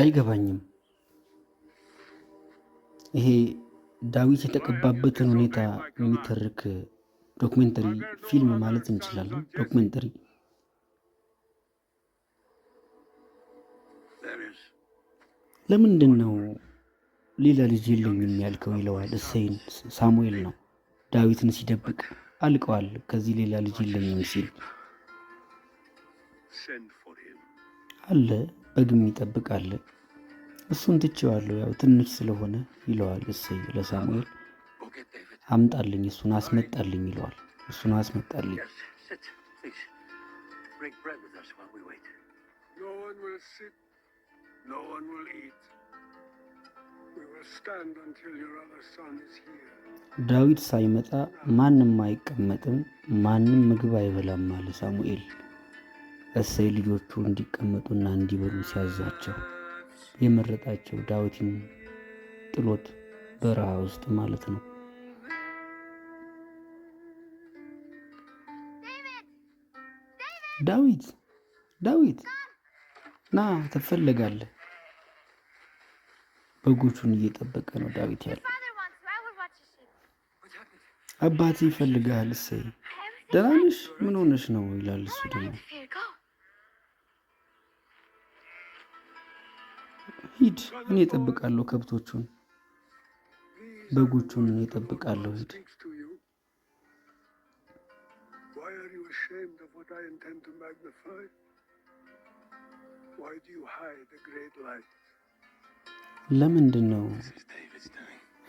አይገባኝም። ይሄ ዳዊት የተቀባበትን ሁኔታ የሚተርክ ዶክመንተሪ ፊልም ማለት እንችላለን። ዶክሜንተሪ ለምንድን ነው ሌላ ልጅ የለኝም ያልከው? ይለዋል። እሰይን ሳሙኤል ነው ዳዊትን ሲደብቅ አልቀዋል። ከዚህ ሌላ ልጅ የለኝም ሲል አለ በግም ይጠብቃል። እሱን ትቼዋለሁ፣ ያው ትንሽ ስለሆነ ይለዋል። እሰይ ለሳሙኤል አምጣልኝ፣ እሱን አስመጣልኝ ይለዋል። እሱን አስመጣልኝ ዳዊት ሳይመጣ ማንም አይቀመጥም፣ ማንም ምግብ አይበላም አለ ሳሙኤል። እሰይ ልጆቹ እንዲቀመጡና እንዲበሉ ሲያዛቸው የመረጣቸው ዳዊትን ጥሎት በረሃ ውስጥ ማለት ነው። ዳዊት ዳዊት ና ትፈለጋለህ። በጎቹን እየጠበቀ ነው ዳዊት ያለ። አባቴ ይፈልጋል እሰይ ደህና ነሽ? ምን ሆነሽ ነው ይላል እሱ ደግሞ ሂድ፣ እኔ እጠብቃለሁ። ከብቶቹን በጎቹን እኔ እጠብቃለሁ። ሂድ። ለምንድን ነው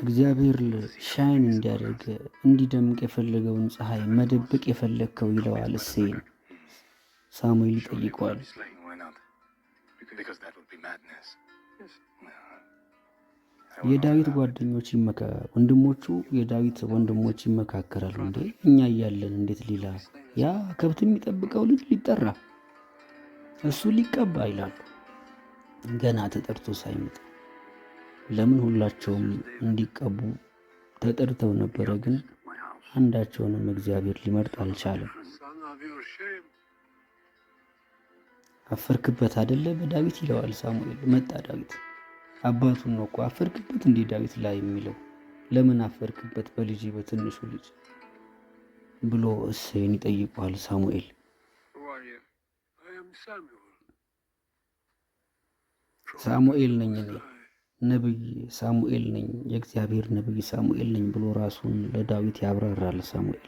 እግዚአብሔር ሻይን እንዲያደርግ እንዲደምቅ የፈለገውን ፀሐይ መደበቅ የፈለግከው? ይለዋል እሴይን። ሳሙኤል ይጠይቀዋል። የዳዊት ጓደኞች ወንድሞቹ የዳዊት ወንድሞች ይመካከራሉ። እንዴ እኛ እያለን እንዴት ሌላ ያ ከብት የሚጠብቀው ልጅ ሊጠራ እሱ ሊቀባ ይላሉ። ገና ተጠርቶ ሳይመጣ ለምን ሁላቸውም እንዲቀቡ ተጠርተው ነበረ፣ ግን አንዳቸውንም እግዚአብሔር ሊመርጥ አልቻለም። አፈርክበት አደለ በዳዊት ይለዋል ሳሙኤል። መጣ ዳዊት አባቱን ነው እኮ አፈርክበት እንዲህ ዳዊት ላይ የሚለው ለምን አፈርክበት በልጅ በትንሹ ልጅ ብሎ እሴይን ይጠይቋል ሳሙኤል። ሳሙኤል ነኝ ነብይ ሳሙኤል ነኝ የእግዚአብሔር ነብይ ሳሙኤል ነኝ ብሎ ራሱን ለዳዊት ያብራራል ሳሙኤል።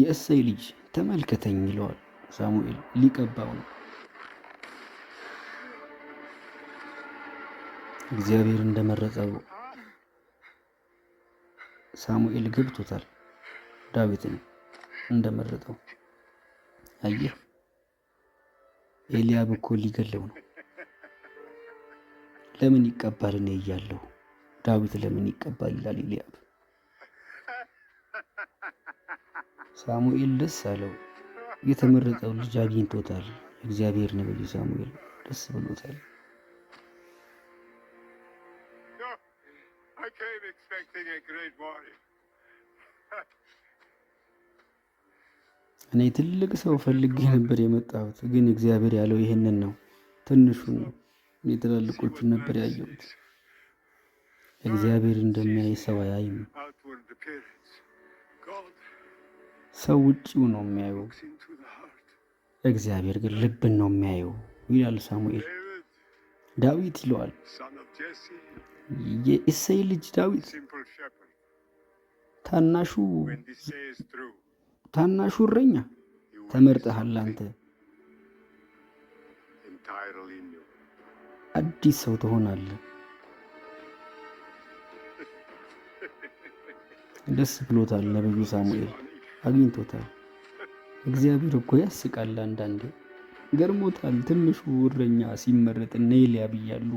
የእሰይ ልጅ ተመልከተኝ ይለዋል ሳሙኤል። ሊቀባው ነው። እግዚአብሔር እንደመረጠው ሳሙኤል ገብቶታል። ዳዊትን እንደመረጠው አየህ። ኤልያብ እኮ ሊገለው ነው። ለምን ይቀባል እኔ እያለሁ ዳዊት ለምን ይቀባል ይላል ኤልያብ። ሳሙኤል ደስ አለው። የተመረጠው ልጅ አግኝቶታል። እግዚአብሔር ነብዩ ሳሙኤል ደስ ብሎታል። እኔ ትልቅ ሰው ፈልጌ ነበር የመጣሁት፣ ግን እግዚአብሔር ያለው ይህንን ነው። ትንሹን ነው። እኔ ትላልቆቹን ነበር ያየሁት። እግዚአብሔር እንደሚያይ ሰው አያይም። ሰው ውጭው ነው የሚያየው፣ እግዚአብሔር ግን ልብን ነው የሚያየው ይላል ሳሙኤል። ዳዊት ይለዋል የእሴይ ልጅ ዳዊት ታናሹ ታናሹ እረኛ ተመርጠሃል አንተ አዲስ ሰው ትሆናለህ። ደስ ብሎታል ነብዩ ሳሙኤል። አግኝቶታል። እግዚአብሔር እኮ ያስቃል አንዳንዴ። ገርሞታል ትንሹ እረኛ ሲመረጥ ኔሊያ ብያሉ